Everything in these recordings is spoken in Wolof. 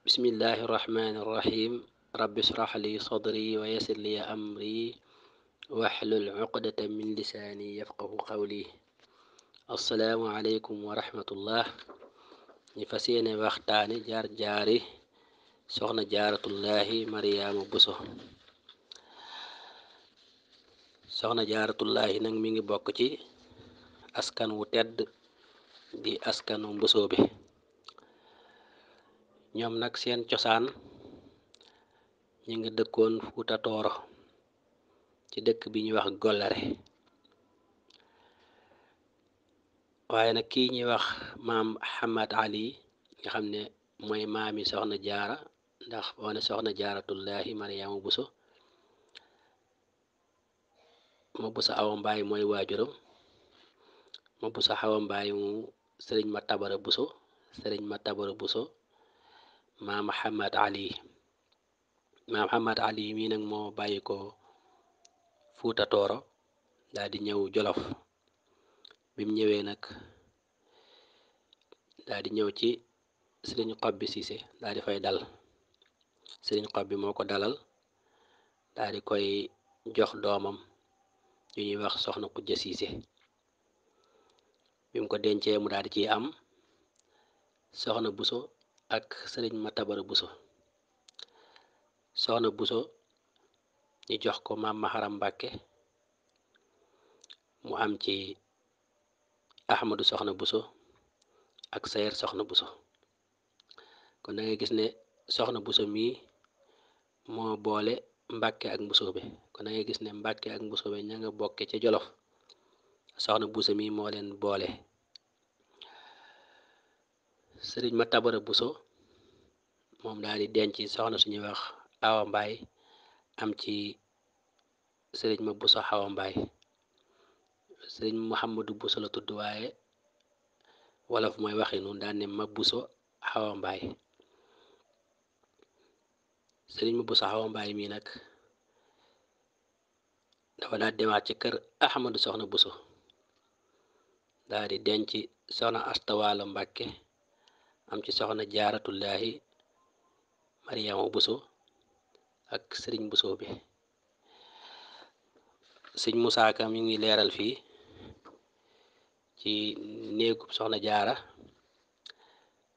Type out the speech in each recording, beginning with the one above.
bismillahi irrahmani irrahim rabbi israh li sadri wa li amri waxlul uqdata min lisaani yafqahu qawli assalaamu aleykum wa rahmatullah ñi fas yéene waxtaane jaar jaari soxna jaaratullahi mariyaama buso soxna jaaratullahi nag mi ngi bokk ci askan wu tedd di askanu mbuso bi ñoom nag seen cosaan ñu ngi dëkkoon Fuuta Tooro ci dëkk bi ñuy wax Golléré waaye nag kii ñuy wax maam Hamad Ali nga xam ne mooy maami soxna jaara ndax moo ne soxna jaaratullahi Mariama Buso ma Buso Awa Mbaay mooy waajuram ma Buso Awa Mbaay mu sëriñ ma tabara Buso sëriñ ma tabara Buso maam Muhammad Ali maam Muhammad Ali mii nag moo bàyyi ko Fuuta Tooro ñëw Jolof bim ñëwee nag daldi ñëw ci Sëriñ Xobbi Siise daal fay dal xob bi moo ko dalal daldi koy jox doomam yu ñuy wax soxna Xujja Siise bi ko dencee mu daal di ciy am soxna Buso ak sëriñ matabara buso soxna buso ñi jox ko maam maharam mbàkke mu am ci ahmadu soxna buso ak sayer soxna buso kon da gis ne soxna buso mii moo boole mbàkke ak mbusoobe kon dangay gis ne mbàkke ak mbusoobe ña nga bokke ca jolof soxna buso mii moo leen boole sëriñ ma tabara buso moom daal di denc soxna suñuy wax awa mbaay am ci sëriñ ma buso awa mbaay sëriñ muhammadu buso la tudd mooy waxi nun daan ne ma buso awa mbaay sëriñ ma buso awa mbaay mii nag dafa daal demaat ci kër ahmadu soxna buso daal di denc soxna astawaalo mbàkke am ci soxna jaaratullaahi mariama buso ak sëriñ buso bi sëñ Musaa Ka mi ngi leeral fii ci néegub soxna jaara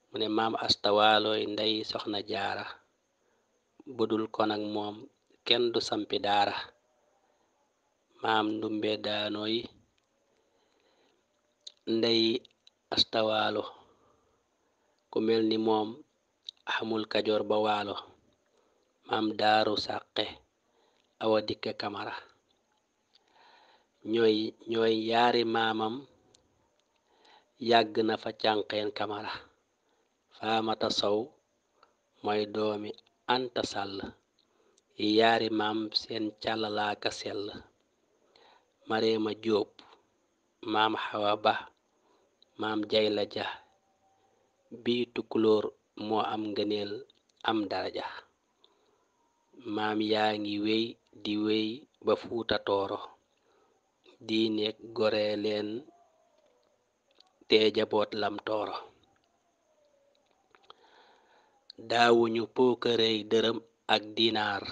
mu ne maam astawaalooy ndey soxna jaara budul kon moom kenn du sampi daara maam ndumbe daanooy ndey astawaalo ku mel ni moom amul kajoor ba waalo maam daaru sàqe awa dikke kamara ñooy ñooy yaari maamam yàgg na fa cànqeen kamara faamata sow mooy doomi anta sàll yi yaari maam seen càllalaaka sell mareema jóob maam xawa ba maam jayla ja bii tukkulóor moo am ngëneel am daraja maam yaa ngi wéy di wéy ba fuuta tooro diine gore leen te jaboot lam tooro daawuñu pookarey dërëm ak diinaar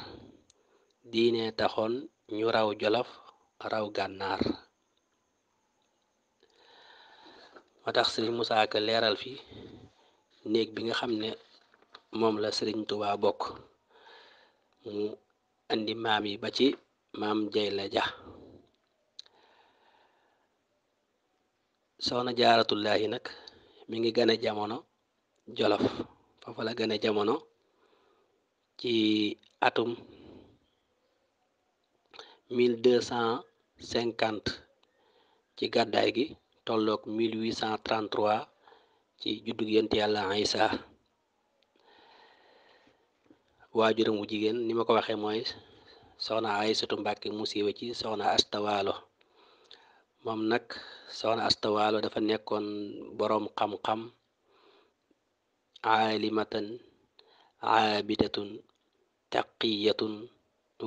diinee taxoon ñu raw jolof raw gànnaar moo tax Sëriñ Musaa ko leeral fi néeg bi nga xam ne moom la Sëriñ Tuubaa bokk mu andi maam yi ba ci maam Jayla Ja soxna jaaratullahi nag mu ngi gane jamono jolof foofa la gane jamono ci atum mille deux cent cinquante ci gàddaay gi tolloog mille huit cent trente-trois ci juddug yent yàlla Isa waajuram wu jigéen ni ma ko waxee mooy soxna Aysatu Mbàkke mu siiwe ci soxna astawaalo moom nag soxna astawaalo dafa nekkoon boroom xam-xam aalimatan aabidatun taqiyatun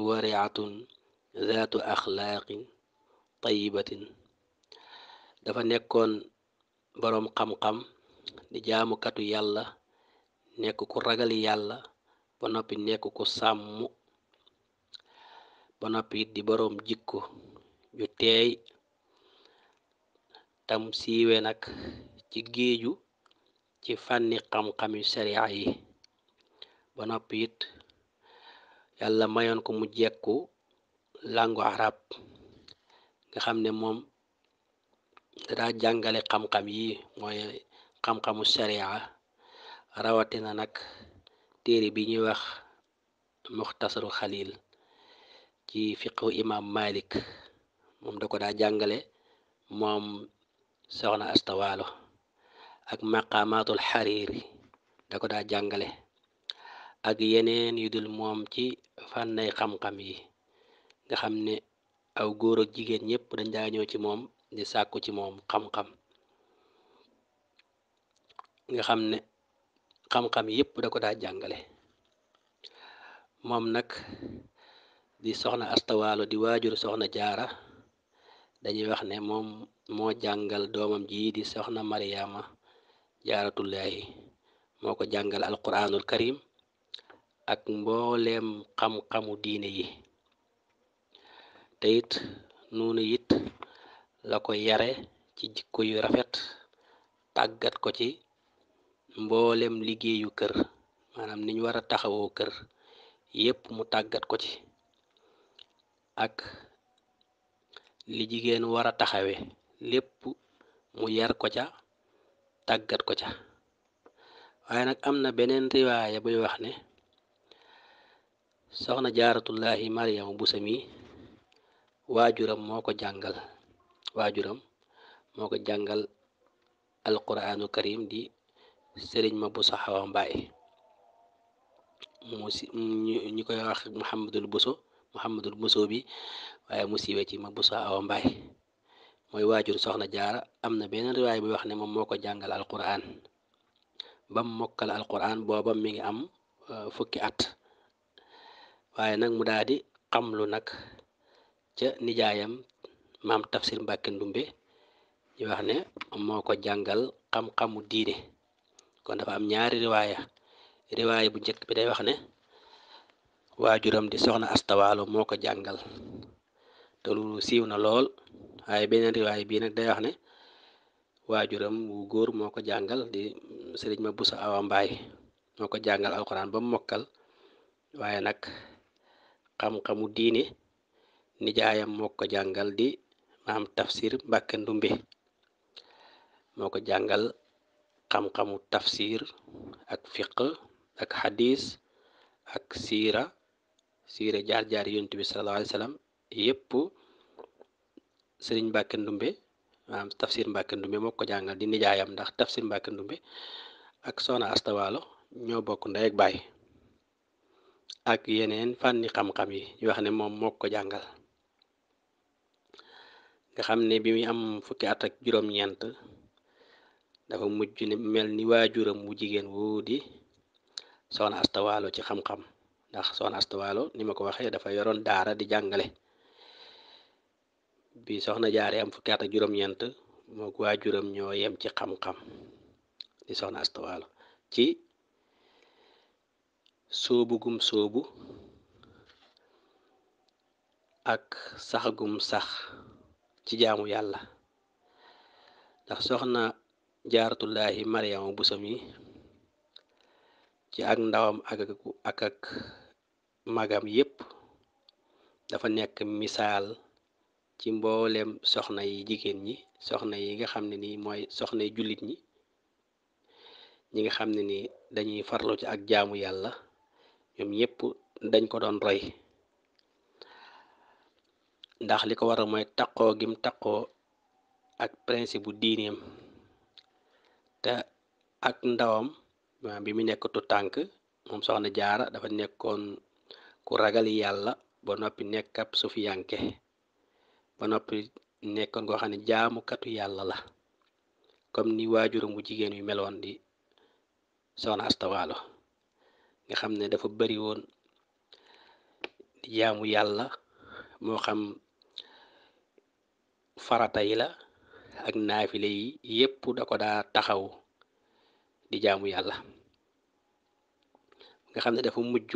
wariatun zaatu axlaaqin dafa nekkoon boroom xam-xam di jaamukatu yàlla nekk ku ragal yàlla ba noppi nekk ku sàmm ba noppi di boroom jikko ju teey tam siiwe nag ci géeju ci fànni xam yu sariya yi ba noppi it yàlla mayoon ko mu jekku làngu arab nga xam ne moom dara jàngale xam-xam yi mooy xam-xamu sharia rawatina nag téere bi ñuy wax muxtasaru xalil ci fiqhu imam malik moom da ko daa jàngale moom soxna astawaalo ak maqamatul xariri da ko daa jàngale ak yeneen yu dul moom ci fànnay xam-xam yi nga xam ne aw góor jigéen ñépp dañ daa ci moom di sàkku ci moom xam-xam nga xam ne xam-xam yépp da ko daa jàngale moom nag di soxna astawalo di waajur soxna jaara dañuy wax ne moom moo jàngal doomam ji di soxna mariyaama jaaratullaahi moo ko jàngal alquranul karim ak mbooleem xam-xamu diine yi te it noonu it la ko yare ci jikko yu rafet tàggat ko ci mboolem liggéeyu kër maanaam niñ war a taxawoo kër yépp mu tàggat ko ci ak li jigéen war a taxawe lépp mu yar ko ca tàggat ko ca waaye nag am na beneen riwaaya buy wax ne soxna jaaratullahi mariama busa mi waajuram moo ko jàngal waajuram moo ko jàngal alquraanul karim di sëriñ ma buso xawa mbaay mu si ñu koy wax muhammadul buso muhammadul buso bi waaye mu siiwee ci ma buso xawa mbaay mooy waajur soxna jaara am na benn riwaay bi wax ne moom moo ko jàngal alquran bam mokkal alquran boobam mi ngi am euh, fukki at waaye nag mu daal di xamlu nag ca nijaayam maam tafsir mbàkke ndumbe ñu wax ne moo ko jàngal xam-xamu diine kon dafa am ñaari riwaaya riwaaya bu njëkk bi day wax ne waajuram di soxna astawaalo moo ko jàngal te loolu siiw na lool waaye beneen riwaay bii nag day wax ne waajuram wu góor moo ko jàngal di sëriñ ma busa awa mbaay moo ko jàngal alxuraan ba mokkal waaye nag xam-xamu diine nijaayam moo ko jàngal di maam tafsir mbàkke ndumbe moo ko jàngal xam-xamu tafsir ak fiq ak xadis ak siira siira jaar-jaar yonent bi sallallahu alayhi yépp sëriñ Mbàkke Ndumbe maanaam tafsir Mbàkke Ndumbe moo ko jàngal di nijaayam ndax tafsir Mbàkke Ndumbe ak Soxna Astawaalo ñoo bokk ndey ak baay ak yeneen fànni xam-xam yi ñu wax ne moom moo ko nga xam ne bi muy am fukki at juróom-ñeent dafa mujj ne mel ni waajuram wu jigéen woo di soxna astawaalo ci xam-xam ndax soxna astawaalo ni ma ko waxee dafa yoroon daara di jàngale bi soxna jaare am fukki at ak juróom-ñeent mook waajuram ñoo yem ci xam-xam di soxna astawaalo ci sóobu gum sóobu ak sax gum sax ci jaamu yàlla ndax soxna jaaratullaahi mariama buso mi ci ak ndawam ak ak ak magam yépp dafa nekk misaal ci mbooleem soxna yi jigéen ñi soxna yi nga xam ne ni mooy soxna yi jullit ñi ñi nga xam ne ni dañuy farlu ci ak jaamu yàlla ñoom ñépp dañ ko doon roy ndax li ko waral mooy taqoo gim taqoo ak principe bu diineem te ak ndawam bi mu nekk tànk moom soxna jaara dafa nekkoon ku ragal yàlla ba noppi nekk ab sufiyanke ba noppi nekkoon koo xam ne jaamukatu yàlla la comme ni waajuram jigéen yu meloon di soxna astawaalo nga xam ne dafa bëri woon jaamu yàlla moo xam farata la ak naafile yi yépp da ko daa taxaw di jaamu yàlla nga xam ne dafa mujj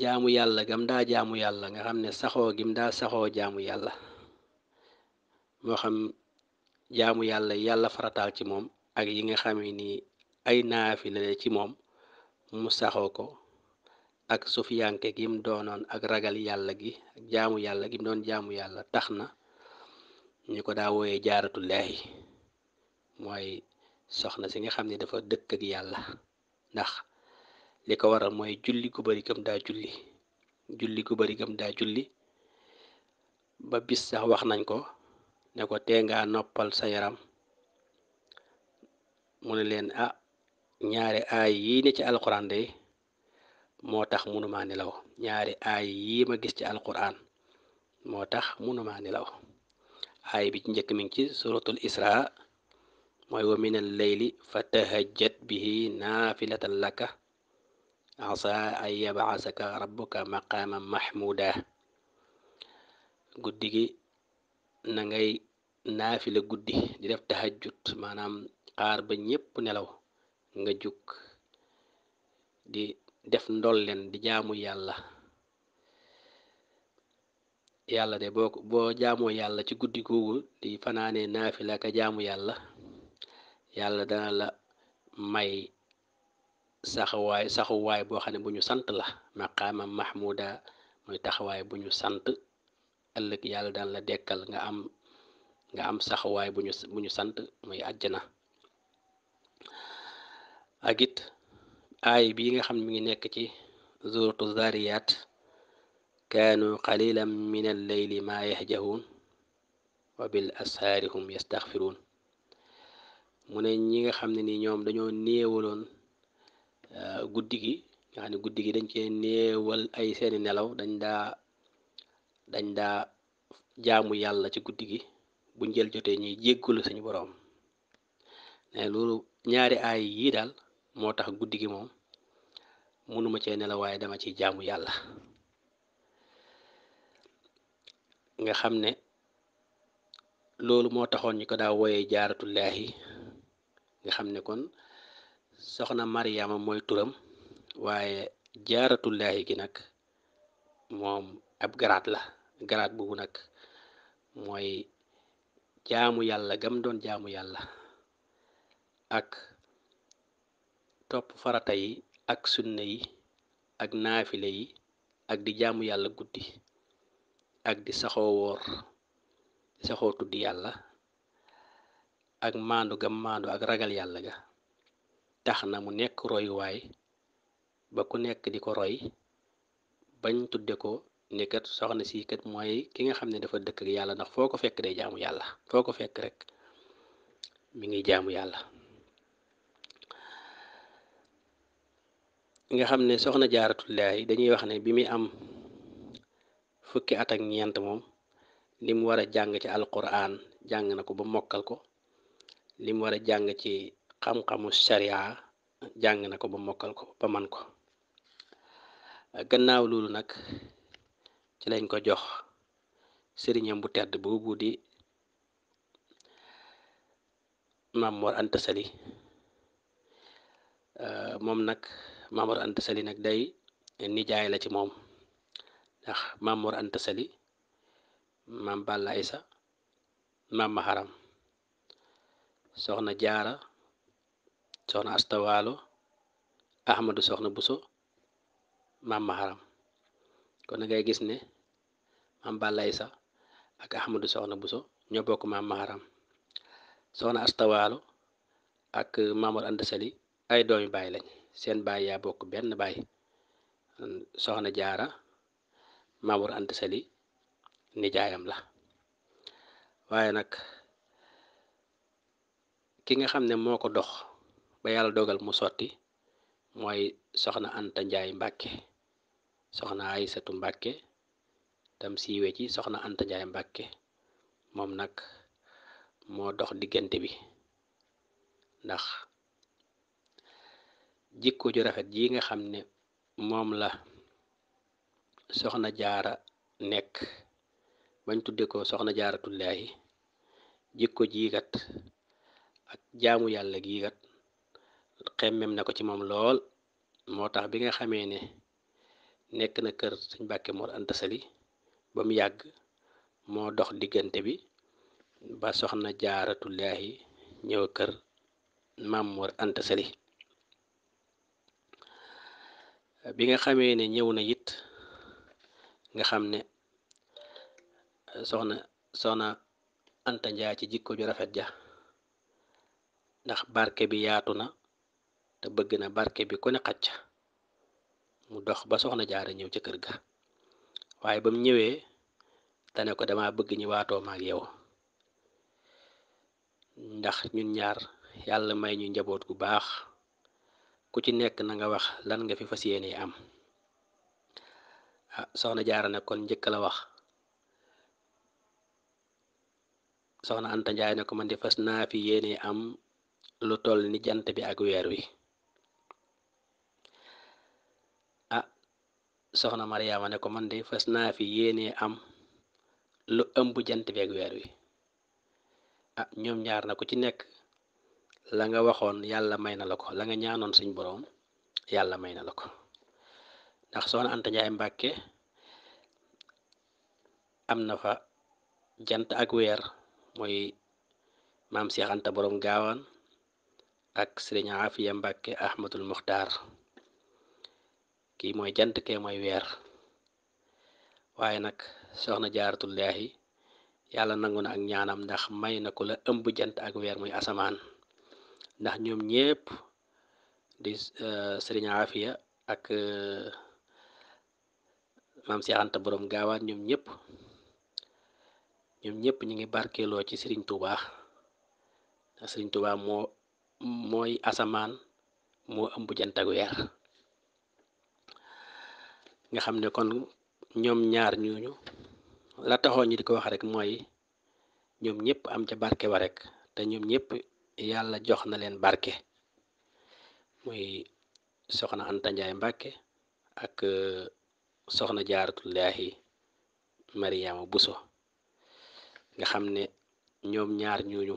jaamu yàlla gam daa yàlla nga xam ne saxoo gim daa saxoo jaamu yàlla moo xam jaamu yàlla yàlla farataal ci moom ak yi nga xamee ni ay naafile ci moom mu saxoo ko ak sufiyanke gim doonoon ak ragal yàlla gi ak jaamu yàlla gim doon jaamu yàlla tax na ñu ko daa wooyee jaaratullaahi mooy soxna si nga xam ne dafa dëkk ak yàlla ndax li ko waral mooy julli gu bari daa julli julli gu bari gam daa julli ba bis sax wax nañ ko ne ko tee ngaa noppal sa yaram mu ne leen ah ñaari aay yii ne ci alxuraan de moo tax munumaa nelaw ñaari aay yi ma gis ci alquran moo tax munumaa nelaw ay bi ci njëkk mi ngi ci suratul isra mooy wa min al leyli fa tahajjat bihi naafilatan laka asa an yabasaka rabbuka maqaama mahmuda guddi gi na ngay naafila guddi di def tahajjut maanaam xaar ba ñépp nelaw nga jug di def ndolleen di jaamu yàlla yàlla de boo boo jaamoo yàlla ci guddi googu di fanaanee fanaane naafila ka jaamu yàlla yàlla dana la may saxawaay saxuwaay boo xam ne bu ñu sant la maqaama mahmuda muy taxawaay bu ñu sant ëllëg yàlla dana la dekkal nga am nga am saxawaay bu ñu sant muy àjjana ak it aay bii nga xam ne mi ngi nekk ci zuratu zariyat kaanu qalilan min alleyli ma yahjahuun wa bil ashaari hum yastaxfiruun mu ne ñi nga xam ne ni ñoom dañoo néewaloon uh, guddi gi nga xam ne guddi gi dañ cee néewal ay seeni nelaw dañ daa dañ daa jaamu yàlla ci guddi gi bu njël jotee ñuy jéggulu suñu boroom ne loolu ñaari aay yii daal moo tax guddi gi moom mënuma cee nelaw waaye dama ci jaamu yàlla nga xam ne loolu moo taxoon ñu ko daa wooyee jaaratullaahi nga xam ne kon soxna Mariama mooy turam waaye jaaratullaahi gi nag moom ab garaat la garaat boobu nag mooy jaamu yàlla gam doon jaamu yàlla ak topp farata yi ak sunna yi ak naafile yi ak di jaamu yàlla guddi ak di saxoo woor saxoo tudd yàlla ak maandu ga maandu ak ragal yàlla ga tax na mu nekk royuwaay ba ku nekk di ko roy bañ tuddee ko nekkat soxna si kat mooy ki nga xam ne dafa dëkk yàlla ndax foo ko fekk day jaamu yàlla foo ko fekk rek mu ngi jaamu yàlla nga xam ne soxna jaaratullaahi dañuy wax ne bi muy am fukki atak ak ñeent moom li mu war a jàng ci alquran jàng na ko ba mokkal ko li mu war a jàng ci xam-xamu sharia jàng na ko ba mokkal ko ba man ko gannaaw loolu nag ci lañ ko jox sëriñam bu tedd boobu di Maam Mor Anta Sali moom nag Maamor Anta Sali nag day nijaay la ci moom ndax Maamor Anta Sali maam Balla Aysa maam Maharam soxna Jaara soxna Astawaalo Ahmadu soxna Buso maam Maharam kon na ngay gis ne maam Balla Aysa ak Ahmadu soxna Buso ñoo bokk maam Maharam soxna Astawaalo ak Maamor Anta Sali ay doomi baay lañ seen baay yaa bokk benn baay soxna jaara Mamour Anta Sali nijaayam la waaye nag ki nga xam ne moo ko dox ba yàlla dogal mu sotti mooy soxna Anta Njaay Mbàkke soxna Aysatu Mbàkke tam siiwe ci soxna Anta Njaay Mbàkke moom nag moo dox diggante bi ndax jikko ju rafet ji nga xam ne moom la soxna jaara nekk bañ tuddee ko soxna jaaratullaahi jikko jiikat ak jaamu yàlla giikat xemmem na ko ci moom lool moo tax bi nga xamee ne nekk na kër sëñ Mbàkke Mor Anta ba mu yàgg moo dox diggante bi ba soxna jaaratullaahi ñëw kër Maam Mor Anta bi nga xamee ne ñëw na it nga xam ne soxna soxna Anta Njaay ci jikko ju rafet ja ndax barke bi yaatu na te bëgg na barke bi ku ne xacc mu dox ba soxna jaara ñëw ca kër ga waaye ba mu ñëwee ne ko dama bëgg ñu waatoo ak yow ndax ñun ñaar yàlla may ñu njaboot gu baax ku ci nekk na nga wax lan nga fi fas yéene am ah soxna jaara ne kon njëkk la wax soxna Anta jaar ne ko man di fas naa fi yéene am lu toll ni bi ak weer wi ah, soxna Mariama ne ko man di fas naa fi yéene am lu ëmb jant bi ak weer wi ah ñoom ñaar na ku ci nekk la nga waxoon yàlla may na la ko langa ñaanoon suñ boroom yàlla may na la ko ndax soxna Anta Njaay Mbàkke am na fa jant ak weer mooy maam Seex boroom gaawaan ak sëriñ Afiya Mbàkke Ahmadul Muxtaar kii mooy jant kee mooy weer waaye nag soxna jaaratullaahi yàlla nangu na ak ñaanam ndax may na ko la ëmb jant ak weer muy asamaan ndax ñoom ñépp di sëriñ eh, Afia ak eh, maam Seex Anta boroom gaawaat ñoom ñépp ñoom ñépp ñu ngi barkeeloo ci sëriñ Tuubaa ndax sëriñ Tuubaa moo mooy asamaan moo ëmb jant ak nga xam ne kon ñoom ñaar ñooñu la taxoon ñi di ko wax rek mooy ñoom ñépp am ca barke ba rek te ñoom ñépp yàlla jox na leen barke muy soxna antanjaay Njaay Mbàkke ak euh, soxna jaaratullaahi Mariyaama Buso nga xam ne ñoom ñaar ñooñu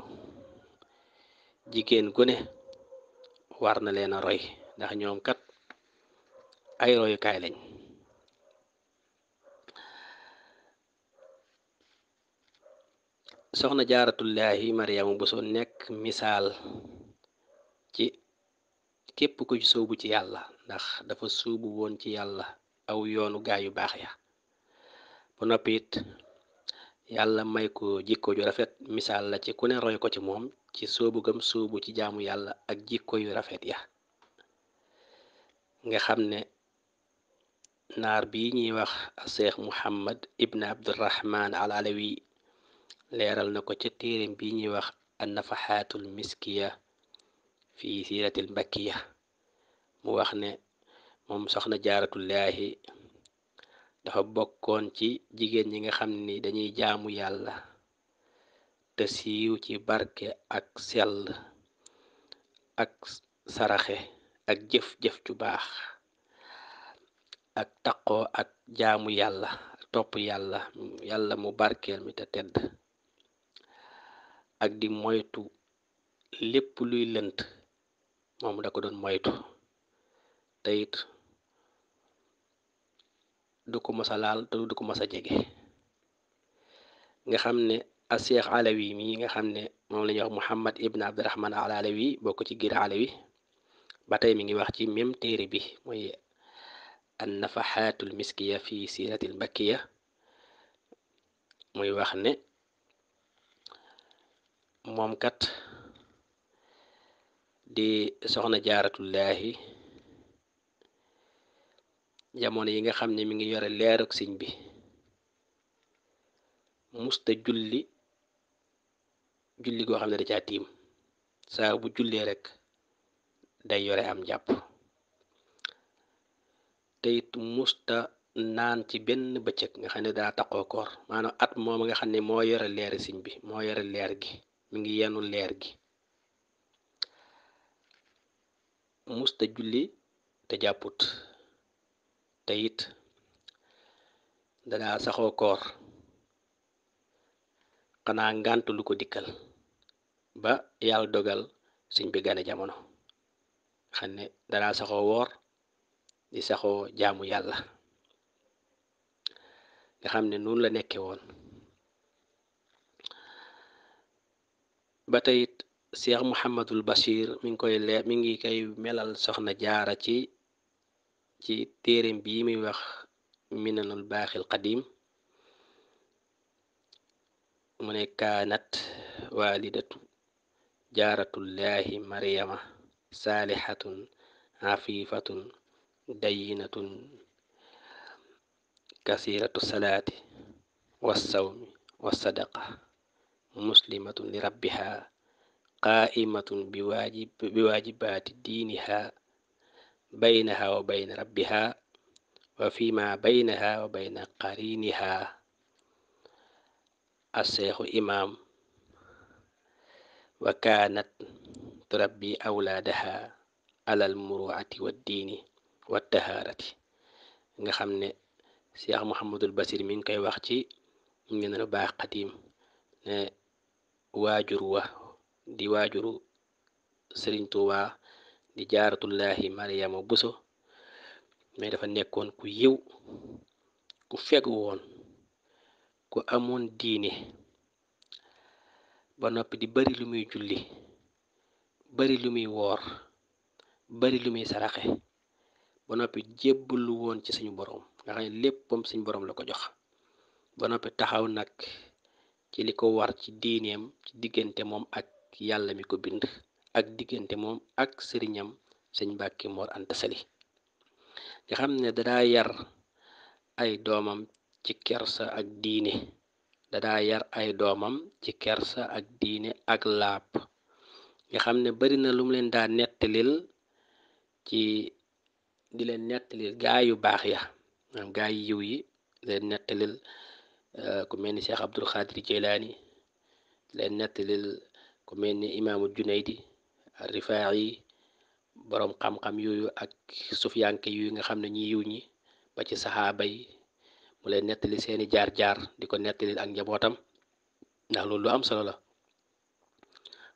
jigéen gu ne war na leen a roy ndax ñoom kat ay royukaay lañ soxna jaaratullaahi maryaama buso nekk misaal ci képp ku ci ci yàlla ndax dafa suubu woon ci yàlla aw yoonu gaay yu baax ya ba noppi it yàlla may ko jikko ju rafet misaal la ci ku ne roy ko ci moom ci sóobu gam sóobu ci jaamu yàlla ak jikko yu rafet ya nga xam ne naar bi ñuy wax seex muhammad ibn abdurahman al alawi leeral na ko ca téereem bi ñuy wax annafaxaatul miskiya fi siiratil mbakkiya mu wax ne moom soxna jaaratullaahi dafa bokkoon ci jigéen ñi nga xam ni dañuy jaamu yàlla te siiw ci barke ak sell ak saraxe ak jëf-jëf ju baax ak taqoo ak jaamu yàlla topp yàlla yàlla mu barkeel mi te tedd ak di moytu lépp luy lënt moom da ko doon moytu te it du ko masa laal te du ko masa jege nga xam ne as seex alawi mi nga xam ne moom la ñuy wax muhammad ibn abdurahman al alawi bokk ci giir alawi ba tey mi ngi wax ci même téere bi mooy nafa nafaxaatul miskiya fi siiratil bakkiya muy wax ne moom kat di soxna jaaratullaahi jamono yi nga xam ne mi ngi yore leerug siñ bi musta julli julli goo xam ne da caa tiim saa bu jullee rek day yore am jàpp te musta naan ci benn bëccëg nga xam ne daa taqoo koor maanaam at moom nga xam ne moo yore leeri siñ bi moo yore leer gi mi ngi yenu leer gi musta julli te jàpput te it danaa saxoo koor xanaa ngànt lu ko dikkal ba yàlla dogal sëñ bi gane jamono xam ne danaa saxoo woor di saxoo jaamu yàlla nga xam ne noonu la nekke woon ba teyit Cheikh Mouhamadul Bachir mi ngi koy leer mi ngi kay melal soxna jaara ci ci téereem bii muy wax minanul baaxil qadim mu ne kaanat waalidatu jaaratullaahi maryama saalihatun afifatun dayinatun kasiratu salaati wa wassadaqa muslimatun li rabbiha qaaimatun biwaajibaati diiniha baynaha wa bayna rabbiha wa fima baynaha wa bayna qariniha aseexu imaam wa kaanat turabbi awlaadaha alal muruati wa diini wa tahaarati nga xam ne cheikh mohamadul basir mi ngi koy wax ci ñu ngi baax ne waajur wa di waajuru sëriñ Tuuba di jaaratullaahi Mariama Buso mais dafa nekkoon ku yiw ku fegu woon ku amoon diine ba noppi di bari lu muy julli bari lu muy woor bari lu muy saraxe ba noppi jébbalu woon ci suñu boroom nga xam ne léppam suñu boroom la ko jox ba noppi taxaw nag ci li ko war ci diineem ci diggante moom ak yàlla mi ko bind ak diggante moom ak sëriñam sëñ Mbàkke Mor Anta Sali nga xam ne dadaa yar ay doomam ci kersa ak diine yar ay doomam ci kersa ak diine ak laab nga xam ne bari na lu mu leen daa nettalil ci di leen nettalil gaa yu baax ya maanaam gaa yi yiw yi leen nettalil Euh, ku mel ni Cheikh Abdul Xaadir Jeylaani leen nettalil ku mel imaamu Junaydi Rifaa yi boroom xam-xam yooyu ak sufyanke yu nga xam ne ñi yiw ñi ba ci saxaaba yi mu leen nettali seeni jaar-jaar di ko nettalil ak njabootam ndax loolu lu am solo la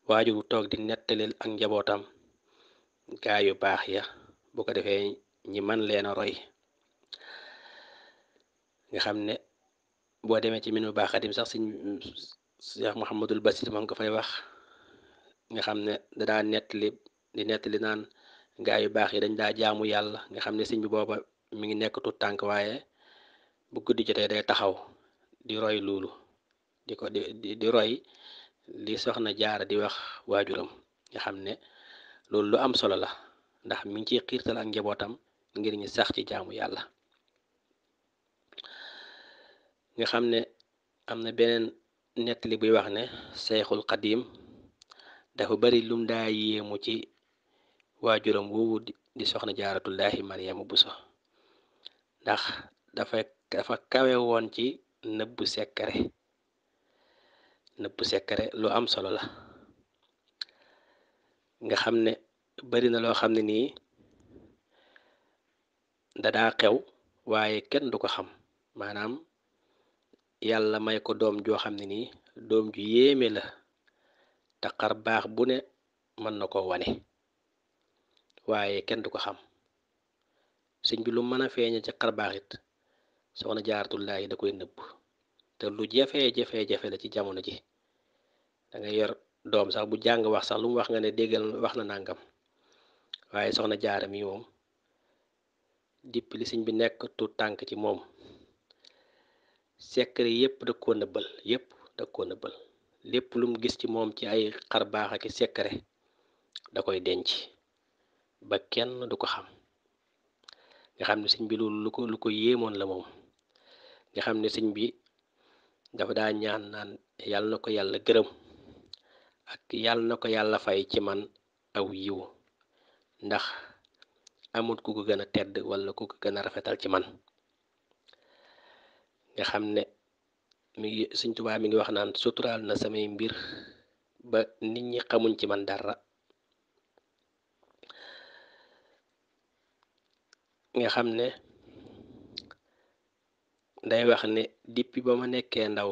waajur wu toog di nettalil ak njabootam gaa yu baax ya bu ko defee ñi man leen a roy nga xam ne boo demee ci min bu baax xadim sax sëñ Cheikh Mouhamadul Basir moo ngi ko fay wax nga xam ne dadaa nettali di nettali naan gaa yu baax yi dañ daa jaamu yàlla nga xam ne sëñ bi booba mi ngi nekk tànk waaye bu guddi jotee day taxaw di roy loolu di ko di di roy li soxna jaara di wax waajuram nga xam ne loolu lu am solo la ndax mi ngi ciy xiirtal a njabootam ngir ñu sax ci jaamu yàlla nga xam ne am na beneen nettali buy wax ne Sayxul Xadiim dafa bari lum daa yéemu ci waajuram woowu di soxna jaaratullaahi Maryaama Buso ndax dafa dafa kawe woon ci nëbbu sekkare nëbbu sekkare lu am solo la nga xam ne bari na loo xam ne nii dadaa xew waaye kenn du ko xam maanaam yàlla may ko doom joo xam ne nii doom ju yéeme la te xar baax bu ne mën na koo wane waaye kenn du ko xam sëñ bi lu mën a feeñe ci xar baax it soxna jaaratullaahi da koy nëbb te lu jafe-jafe-jafe la ci jamono ji danga yor doom sax bu jàng wax sax lu mu wax nga ne déggal wax na nàngam waaye soxna jaara mi moom dipp li sëñ bi nekk tu tànk ci moom secret yépp da koo nëbbal yépp da koo nëbbal lépp lu mu gis ci moom ci ay xar baax ak secret da koy denc ba kenn du ko xam nga xam ne sëñ bi loolu lu ko lu ko yéemoon la moom nga xam ne sëñ bi dafa daa ñaan naan yàlla na ko yàlla gërëm ak yàlla na ko yàlla fay ci man aw yiw ndax amut ku ko gën a tedd wala ku ko gën a rafetal ci man nga xam ne mi ngi Sëñ Tuubaa mi ngi wax naan suturaal na samay mbir ba nit ñi xamuñ ci man dara nga xam ne day wax ne dippi ba ma nekkee ndaw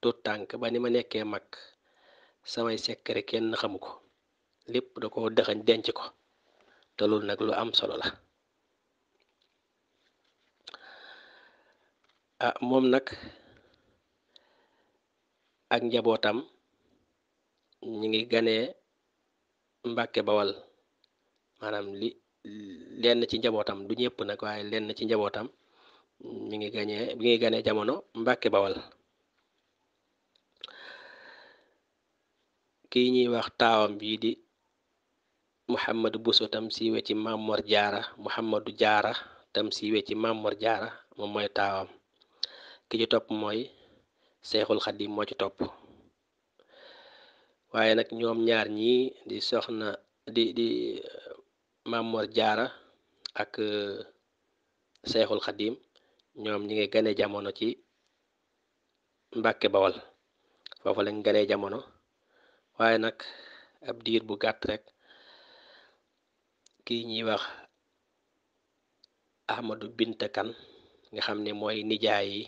tut tànk ba ni ma nekkee mag samay sekkare kenn xamu ko lépp da koo dëxañ denc ko te loolu nag lu am solo la ah moom nag ak njabootam ñi ngi ganee Mbàkke Bawal maanaam li lenn ci njabootam du ñëpp nag waaye lenn ci njabootam mi ngi gañee mi ngi ganee jamono Mbàkke Bawal ki ñuy wax taawam bii di Mouhamadou buso tam siiwe ci Mamor Jaara Mouhamadou Jaara tam siiwe ci Mamor Jaara moom mooy taawam ki ci topp mooy seexul xaddim moo ci topp waaye nag ñoom ñaar ñii di soxna di di Mamor Jaara ak seexul xaddim ñoom ñi nga gane jamono ci Mbàkke Bawal foofu lañ gane jamono waaye nag ab diir bu gàtt rekk kii ñuy wax Ahmadu bint Kan nga xam ne mooy nijaay yi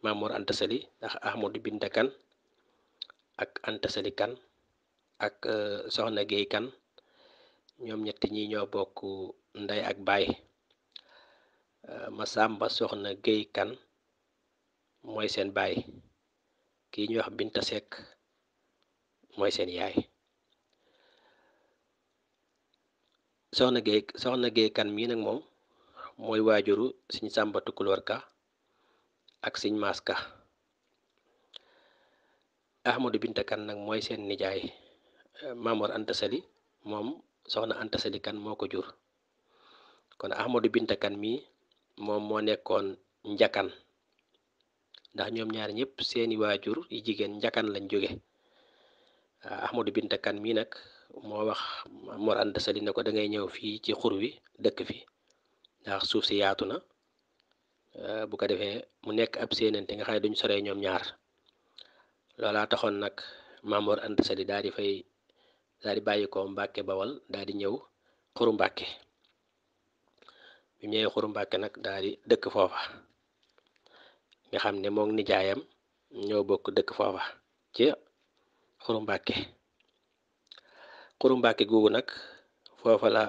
Mamor Anta ndax Ahmadu Binta Kan ak Anta Kan ak euh, Soxna Géey Kan ñoom ñett ñi ñoo bokk ndey ak baay euh, ma sàmba Soxna Géey Kan mooy seen baay kii ñuy wax Binta Seck mooy seen yaay soxna Géey Kan mii nag moom mooy waajuru Sëñ sàmbatu Tukulóor Ka ak siñ maska ahmadu binta kan nag mooy seen nijaay eh, maamoor anta moom soxna anta kan moo ko jur kon ahmadu binta kan mi moom moo nekkoon njakkan ndax ñoom ñaar ñëpp seeni waajur yi jigéen njakkan lañ jóge ah, ahmadu binta kan mii nag moo wax Mor Anta ne ko dangay ñëw fii ci xur wi dëkk fi ndax suuf si yaatu na Euh, bu ko defee mu nekk ab séenante nga xam ne duñ soree ñoom ñaar loolaa taxoon nag Maamoor Anta Sali daal di fay daal bàyyi ko Mbàkke Bawal daal ñëw Xuru Mbàkke bi ñëwee Xuru Mbàkke nag daal dëkk foofa nga xam ne moom nijaayam ñëw bokk dëkk foofa ci Xuru Mbàkke Xuru Mbàkke googu nag foofa la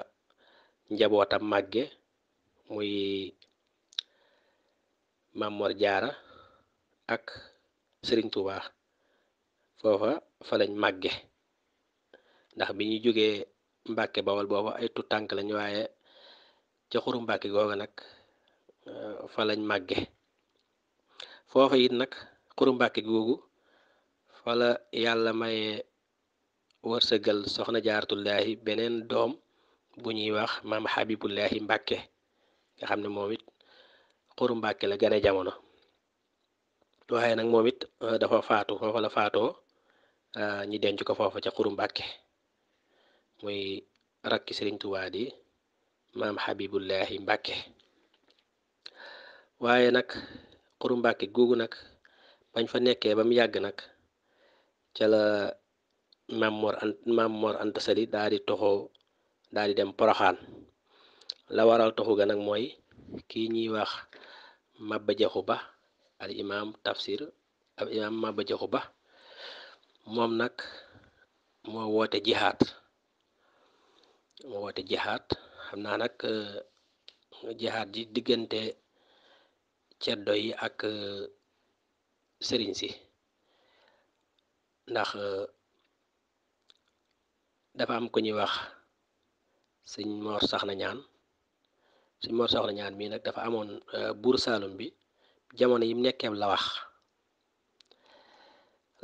njabootam màgge muy Mamor Jaara ak Sëriñ Tuuba foofa fa lañ màgge ndax bi ñu jógee Mbàkke Bawol booba ay tutànk lañ waaye ca xuru Mbàkke nag euh, fa lañ màgge foofa it nag xuru Mbàkke googu fa la yàlla mayee wërsëgal soxna jaaratullaahi beneen doom bu ñuy wax maam Habibullaahi Mbàkke nga xam ne moom it xuru mbake la gane jamono waaye nag moom it euh, dafa faatu foofa la faatoo euh, ñi denc ko foofa ca xuru mbake muy rakki sëriñ Tuubaa di maam Habibullahi Mbàkke waaye nag xuru mbake googu nag bañ fa nekkee ba mu yàgg nag cala la maam Mor Ant maam Mor Anta Sali daa di toxoo daa dem poroxaan la waral toxu ga nag mooy kii ñuy wax Maba Jaxu Ba al imam tafsir al Maba Jaxu Ba moom nag moo woote jihaad moo woote jihaad xam naa nag euh, jihaad ji diggante ceddo yi ak euh, sëriñ si ndax euh, dafa am ko ñuy wax sëñ Mor Saxna Ñaan suñ Mor Soxna ñaan mii nag dafa amoon euh, buur Saalum bi jamono yim nekkeeb lawax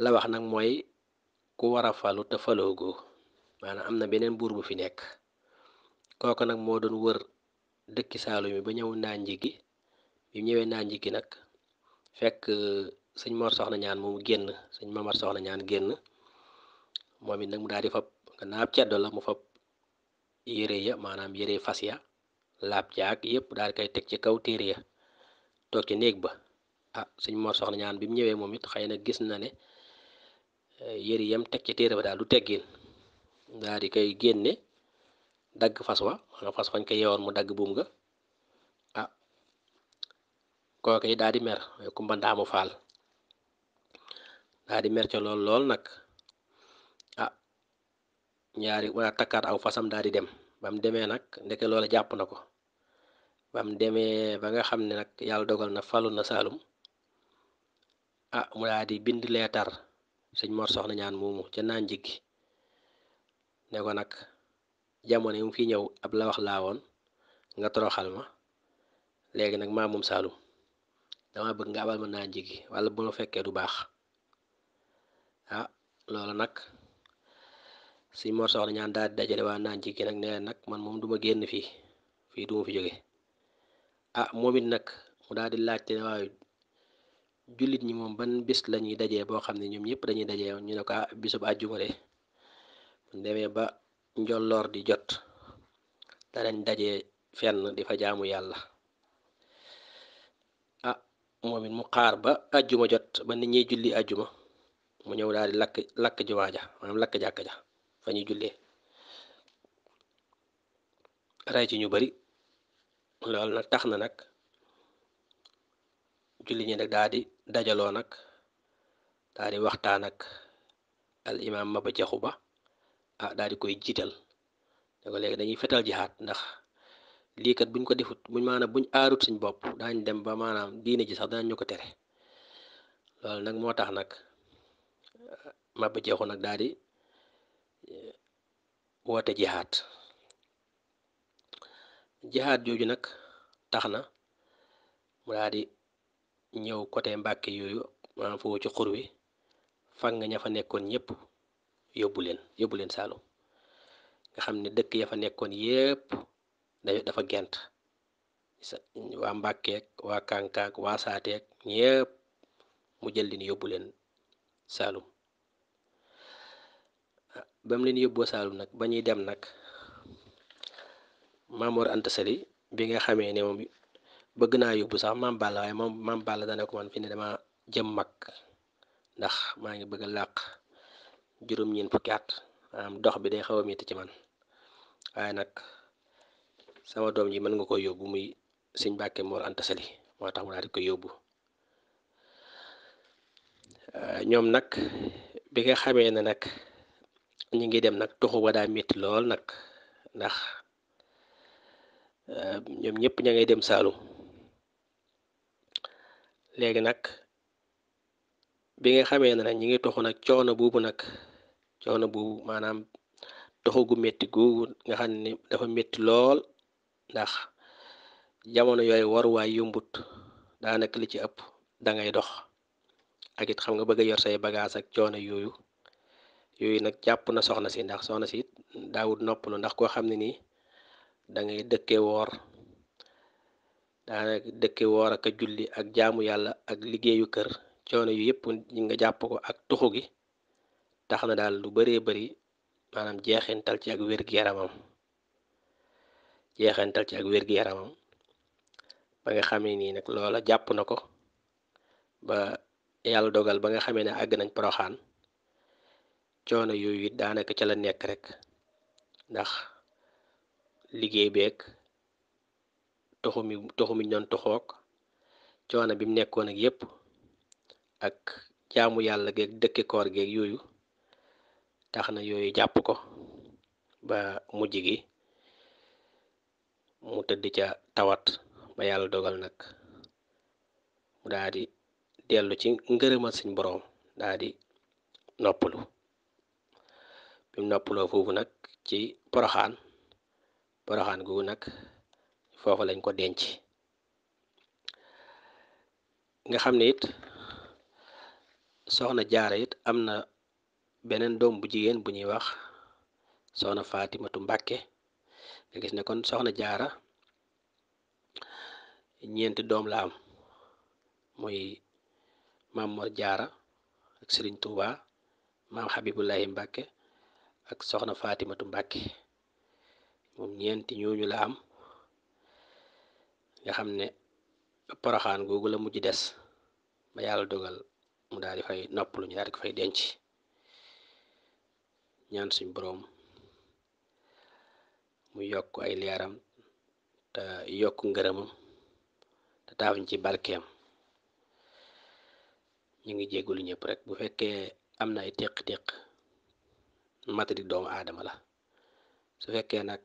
lawax nag mooy ku war a falu te faloogo maanaam am na beneen buur bu fi nekk kooku nag moo doon wër dëkki Saalum bi ba ñëw Ndanji gi bi ñëwee Ndanji gi nag fekk euh, suñ Mor Soxna ñaan moomu génn suñ Mamar Soxna ñaan génn moom it nag mu daal di fab gannaaw ab ceddo la mu fab yére ya maanaam yére fas ya laab jaag yëpp daal koy teg ci kaw téere ya toog ci néeg ba ah sëñ Mor Soxna Ñaan bi mu ñëwee moom it xëy na gis na ne eh, yëri yam teg ci téere ba daal du teggin daal di koy génne dagg fas wa mu dagg buum nga ah kooku yi daal di mer eh, kumba ndaamu faal daal di mer ca lool lool nag ah ñaari wala takkaat aw fasam daal di dem bam demee nag ndeke loola jàpp na ko bam demee ba nga xam ne nag yàlla dogal na falu na Saalum ah mu daa di bind leetar sëñ Mor Soxna Ñaan moomu ca naan jiggi ne ko nag jamono yi mu fi ñëw ab la wax laa woon nga toroxal ma léegi nag maa moom Saalum dama bëgg nga abal ma naan jiggi wala bu ma fekkee du baax ah loola nag si Mor Soxna ñaan daal di dajale waa naan ci kii nag nee nag man moom du ma génn fii fii du fi jóge ah moom it nag mu daal di laajte ñi moom ban bis la ñuy dajee boo xam ne ñoom ñëpp dañuy dajee ñu ne ko ah bisub àjjuma demee ba njolloor di jot danañ dajee fenn di yàlla ah mu xaar ba àjjuma jot ba nit ñiy julli àjjuma mu ñëw daal di lakk lakk jumaa ja maanaam lakk jàkk ja fa ñu jullee ray ci ñu bari loolu nag tax na nag julli ñi nag daa di dajaloo nag daa di waxtaan ak al imaam Maba Jaxu Ba ah daa di koy jiital ne ko léegi dañuy fetal jihaat ndax liikat buñ ko defut buñ maanaam buñ aarut suñ bopp daañ dem ba maanaam diine ji sax daañu ñu ko tere loolu nag moo tax nag Maba Jaxu nag daa di woote jihaad jihaad jooju nag tax na mu daal di ñëw côté Mbàkke yooyu maanaam foofu ci xur wi fag nga ña fa nekkoon ñëpp yóbbu leen yóbbu leen Saalum nga xam ne dëkk ya fa nekkoon yépp dafa gent waa Mbàkkeek waa Kànkaak waa Saateek ñëpp mu jël leen yóbbu leen Saalum ba mu leen yóbboo Saalum nag ba ñuy dem nag Maamoor Anta bi nga xamee ne moom bëgg naa yóbbu sax maam Balla waaye moom maam Balla dana ko man fi ne dama jëm mag ndax maa ngi bëgg a làq juróom-ñeent fukki at maanaam dox bi day xaw a métti ci man waaye nag sama doom ji mën nga ko yóbbu muy sëñ Mbàkke Mor Anta moo tax mu daal di ko yóbbu ñoom nag bi nga xamee ne nag ñu ngi dem nag tuxu ba daa métti lool nag ndax euh, ñoom ñëpp ña ngay dem Saalum léegi nag bi nga xamee ne nag ñi ngi toxu nag coono boobu nag coono boobu maanaam tuxu gu métti googu nga xam ne dafa metti lool ndax jamono yooyu waruwaay yombut daanaka li ci ëpp da ngay dox ak it xam nga bëgg a yor say bagaas ak coono yooyu yooyu nag jàpp na soxna si ndax soxna si it daawut noppalu ndax koo xam ne nii dangay dëkke woor daa dëkke woor ak a julli ak jaamu yàlla ak liggéeyu kër coono yu yëpp nga jàpp ko ak tuxu gi tax na daal lu baree bari maanaam jeexintal ci ak wér gu ci ak wér-gu-yaramam ba nga xamee nii nag loola jàpp na ko ba yàlla dogal ba nga xamee ne àgg nañ poroxaan coono yooyu it daanaka ca la nekk rek ndax liggéey beek toxu mi toxu mi ñoon coono bi mu nekkoon ak yépp ak jaamu yàlla geeg dëkki koor geeg yooyu tax na yooyu jàpp ko ba mujj gi mu tëdd ca tawat ba yàlla dogal nag mu daa di dellu ci ngërëmal suñ boroom daa di noppalu bi mu noppaloo foofu nag ci poroxaan poroxaan googu nag foofu lañ ko denc nga xam ne it soxna jaara it am na beneen doom bu jigéen bu ñuy wax soxna Faatimatu mbakke nga gis ne kon soxna jaara ñeenti doom la am muy maam Mor jaara ak Sëriñ Tuuba maam Xabibullahi Mbàkke ak soxna Fatimatu mbakki moom ñeenti ñooñu la am nga xam ne poroxaan googu la mujj des ba yàlla dogal mu daal di fay noppalu ñu daal fay denc ñaan suñ boroom mu yokk ay leeram te yokk ngërëmam te taafuñ ci barkeem ñu ngi jéggulu ñëpp rek bu fekkee am na ay téq-téq matadi doom aadama la su fekkee nag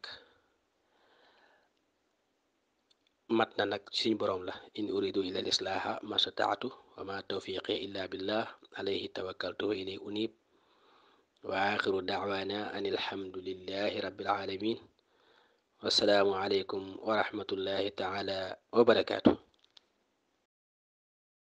mat na nag suñ boroom la in uridu ila l islaaha mastataatu wama tawfiqi illa billah alayhi tawakkaltu wa ilay unib wa axiru daawaana an alhamdulillahi rabbil alamin wassalaamu aleykum wa taala wa